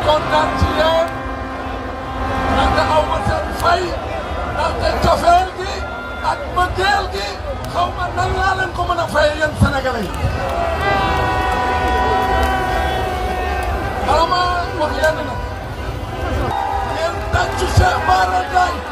kontaan ndaxte aw ma seen fay ndaxte cofeel gi ak mbëggeel gi xaw ma nan laa leen ko mën a fay yéen sénégalais yi. bala maa wax nag. yéen tàccu Cheikh Bara Ndiaye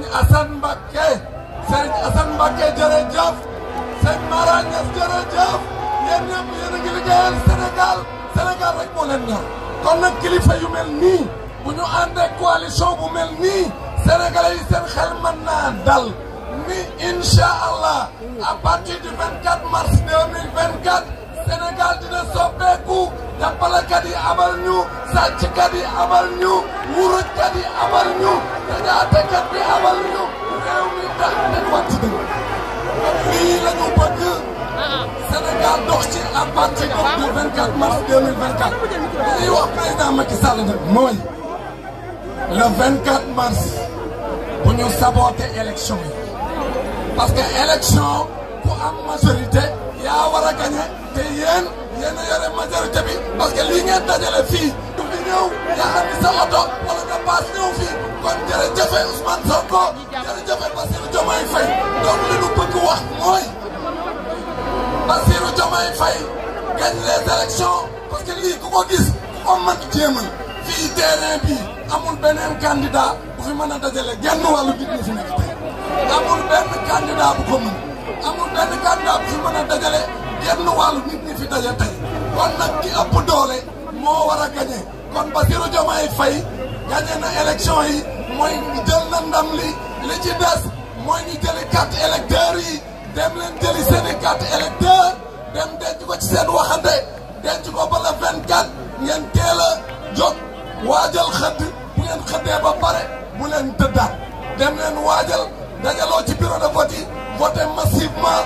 Assane Mbacké sëriñ Assane Mbacké jërëjëf sëriñ Mara Niass jërëjëf yéen ñëpp yéen a ngi liggéeyal Sénégal Sénégal rek moo kilifa yu mel nii bu ñu àndee coalition bu mel nii sénégalais yi seen xel mën naa dal ni incha allah à partir du 24 mars 2024 Sénégal dina soppeeku. tappalekat yi abal ñu sàcckat yi abal ñu wurujkat yi abal ñu dajaatekat bi abal ñu réew mi tax nañ wàcc dëgg lii la ñu bëgg Sénégal dox ci à partir du 24 mars 2024 dañuy wax président Macky Sall nag mooy le 24 mars bu ñu saboté élection yi parce que élection ku am majorité yaa war a gagné te yéen yéen a yore majorité bi parce que lii ngeen dajale fii du fi ñëw nga andi sa oto wala nga paas ñëw fii kon jërëjëf Ousmane Sonko jërëjëf Bassirou Diomaye Faye donc li nu bëgg wax mooy Bassirou Diomaye Faye gagne les élections parce que lii ku ko gis ku ko mën jéemal fii bi amul beneen candidat bu fi mën a dajale genn wàllu nit ñi fi nekk tey amul benn candidat bu ko mën amul benn bu fi mën a dajale genn wàllu nit fi daje tey kon nag ki ëpp doole moo war a gañe kon Bassirou Diomaye Faye gañe na élection yi mooy jël na li li ci des mooy ñu jëli carte yi dem leen jëli seeni carte électeur dem denc ci seen waxande denc ko ba la 24 ngeen teel a waajal xëdd bu ngeen xëddee ba bu leen tëddaat dem leen waajal dajaloo ci bureau de vote yi voté massivement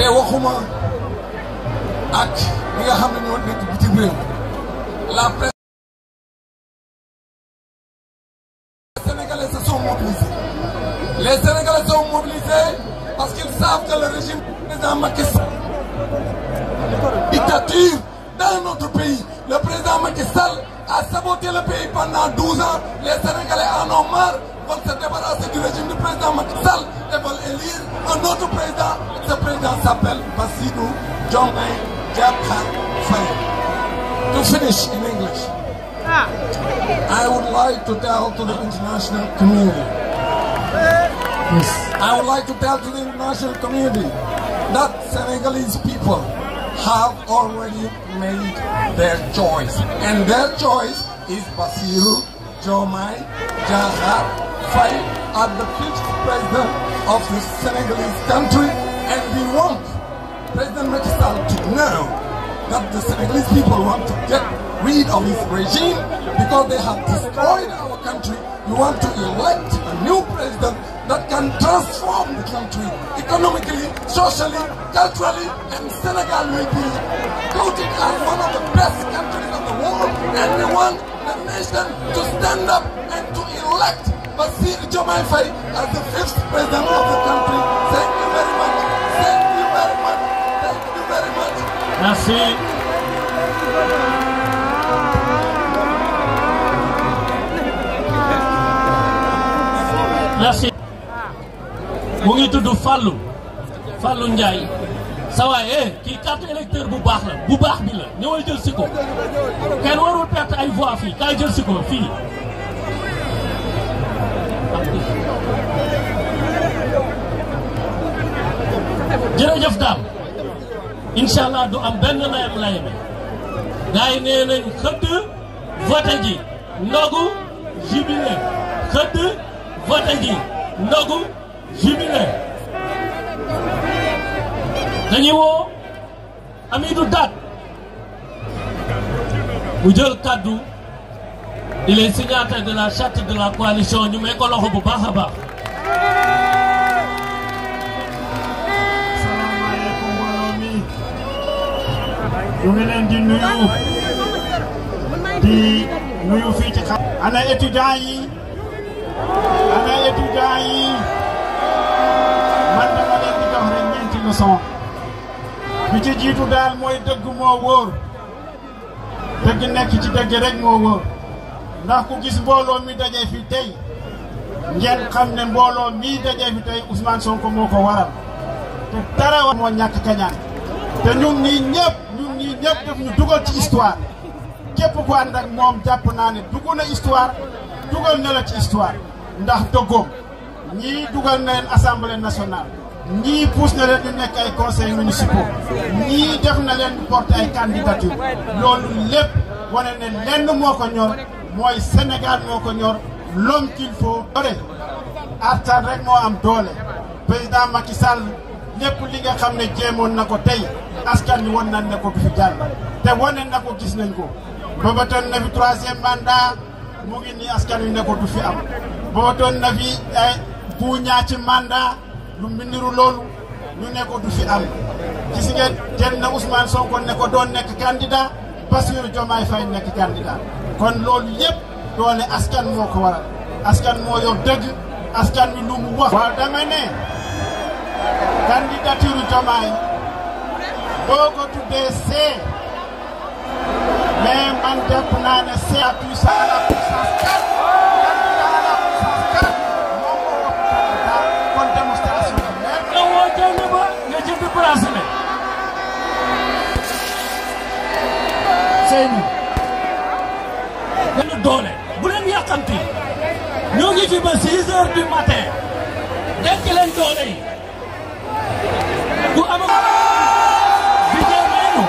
la les Sénégalais se sont mobilisés les Sénégalais sont mobilisés parce qu'ils savent que le régime président Macky Sall dictature dans notre pays le président Macky Sall a saboté le pays pendant 12 ans les Sénégalais en ont marre se débarrasser du régime du président Macky Sall et élire un autre président. Ce président s'appelle Basidou Faye. To finish in English, ah. I would like to tell to the international community. Yes. I would like to tell to the international community that Senegalese people have already made their choice. And their choice is Basiru Jomai Jahar fight at the fifth president of the Senegalese country and we want President Macky to know that the Senegalese people want to get rid of his regime because they have destroyed our country. We want to elect a new president that can transform the country economically, socially, culturally, and Senegal will be voted as one of the best countries of the world and we want the nation to stand up and to elect Bassirou Diomaye Faye as the fifth president of the country. Thank you very much. ngi tudd Fallou Fallou Ndiaye sa waay eh, kii carte électeur bu baax la bu baax bi la ñëwal jël si ko kenn ay voix fii kaay jël si fii. jërëjëf daal incha du am benn layam layame gars yi nee nañ xëdd ji ndogu jubilé xëdd vote ndogu jubilé dañuy woo Amidou Daat mu jël kaddu il est signataire de la charte de ñu may ko bu baax baax ñu ngi leen di nuyu di nuyu ci xam. ana étudiants yi ana étudiants man dama leen di jox rek ñeenti leçon bi ci jiitu daal mooy dëgg moo wóor dëgg nekk ci dëgg rek moo wóor ndax ku gis mbooloo mi daje tey ngeen xam ne mbooloo mii daje fi tey Ousmane Sonko moo ko waral te dara moo ñàkk te ñun nii ñëpp. ñëpp daf ñu dugal ci histoire képp ku moom jàpp naa ne dugg na histoire dugal na la ci histoire ndax dëggoom ñii dugal na leen assemblée nationale ñii pousse na leen ñu nekk ay conseils municipaux ñii def na leen porte ay candidature loolu lépp wane ne lenn moo ko ñor mooy senegal moo ko ñor l'homme qu'il faut doole rek moo am doole président Macky Sall lépp li nga xam ne jéemoon na ko tey askan wi wan na ne ko du fi jàll te wane na ko gis nañ ko babatoon na fi troisième mandat mu askan wi ne ko du fi am babatoon na fi ay eh, buuñaa ci mandat lu mbindiru loolu ñu ne ko du fi am gis ngeen dem na Ousmane ko doon nekk candidat Bassirou Diomaye Faye nekk candidat kon loolu yëpp doole askan moo ko waral askan moo yor dëgg askan wi lu mu wax waaw dama ne candidature Diomaye boo ko tuddee C mais man jàpp naa ne C à puissance à la puissance 4 candidat à la puissance 4 moom moo wax candidat kon démonstration la mais nga wootee ne ba nga jënd place ne Seyni benn doole bu leen yàqanti ñoo ngi fi ba 6 heures du matin denc leen doole yi bu amul bijee meenu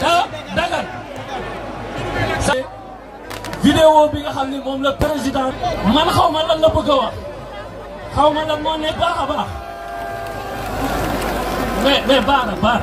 ta dagal sa vidéo bi nga xam ni moom la président man xaw ma la bëgg a wax xaw ma lan moo ne baax a baax baax na baax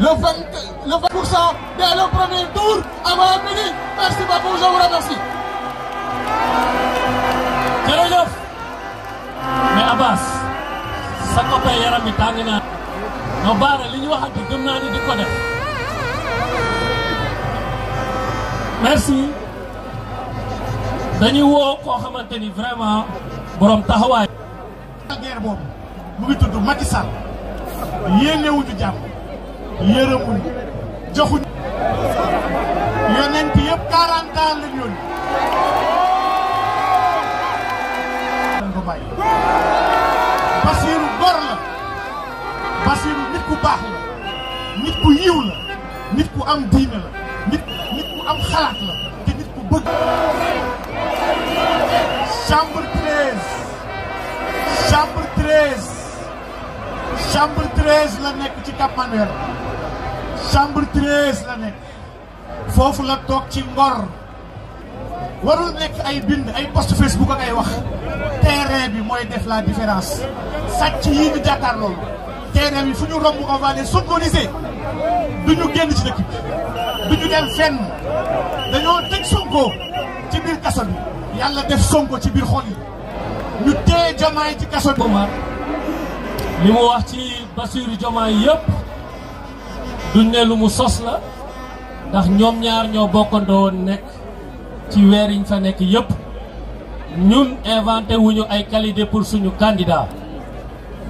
le 20 le 20 pour cent dès le premier tour avant midi merci beaucoup je vous remercie. jërëjëf. mais Abbas. sa coppe yaram bi tàng naa. non Baara li ñu waxati gëm di ko def. merci. dañuy woo koo xamante ni vraiment borom taxawaay. guerre boobu mu ngi tudd Macky Sall yéenewuñu yërëmuñ joxuñ yonent yëpp 40 ans lañ yónni ko bàyyi Basiru gor la Basiru nit ku baax la nit ku yiw la nit ku am diine la nit nit ku am xalaat la te nit ku bëgg chambre 13 chambre 13 chambre 13 la nekk ci Cap Manuel chambre treize la nekk foofu la toog ci ngor warul nekk ay bind ay post Facebook ak ay wax terrain bi mooy def la différence sàcc yii ñu jàkkaar loolu bi fu ñu romb on va les sonoriser du ñu génn ci dëkk du ñu dem fenn dañoo tëj Sonko ci biir kaso bi yàlla def Sonko ci biir xol yi ñu téye Diomaye ci kaso bi li mu wax ci Bassirou Diomaye yëpp duñ lu mu sos la ndax ñom ñaar ñoo bokkandoo nek ci wër yiñ fa nek yépp ñun inventé wuñu ay qualité pour suñu candidat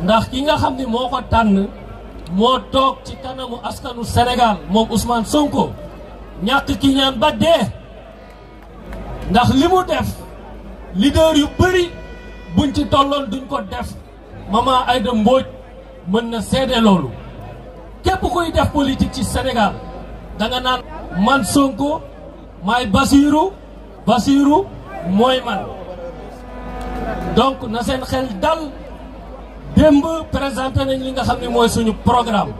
ndax ki nga xamni moko tan mo tok ci kanamu askanu Sénégal mom Ousmane Sonko ñak ki ñaan ba dé ndax limu def leader yu bari buñ ci tollon duñ ko def mama ayda Mbodj mën na sédé lolu képp kuy def politique ci Sénégal da nga naan man Sonko may Basiru Basiru moy man donc na seen xel dal démb présenté nañ li nga xam ne mooy suñu programme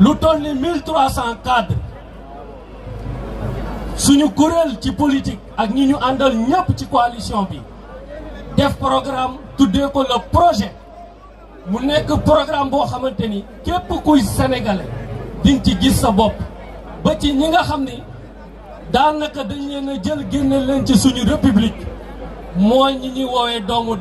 lu toll ni 1300 cadre suñu kuréel ci politique ak ñi ñu àndal ñëpp ci coalition bi def programme tuddee ko le projet bu nekk programme boo xamante ni képp kuy sénégalais di ci gis sa bopp ba ci ñi nga xam ni daanaka dañ leen a jël génne leen ci suñu république mooy ñi ñuy woowee doomu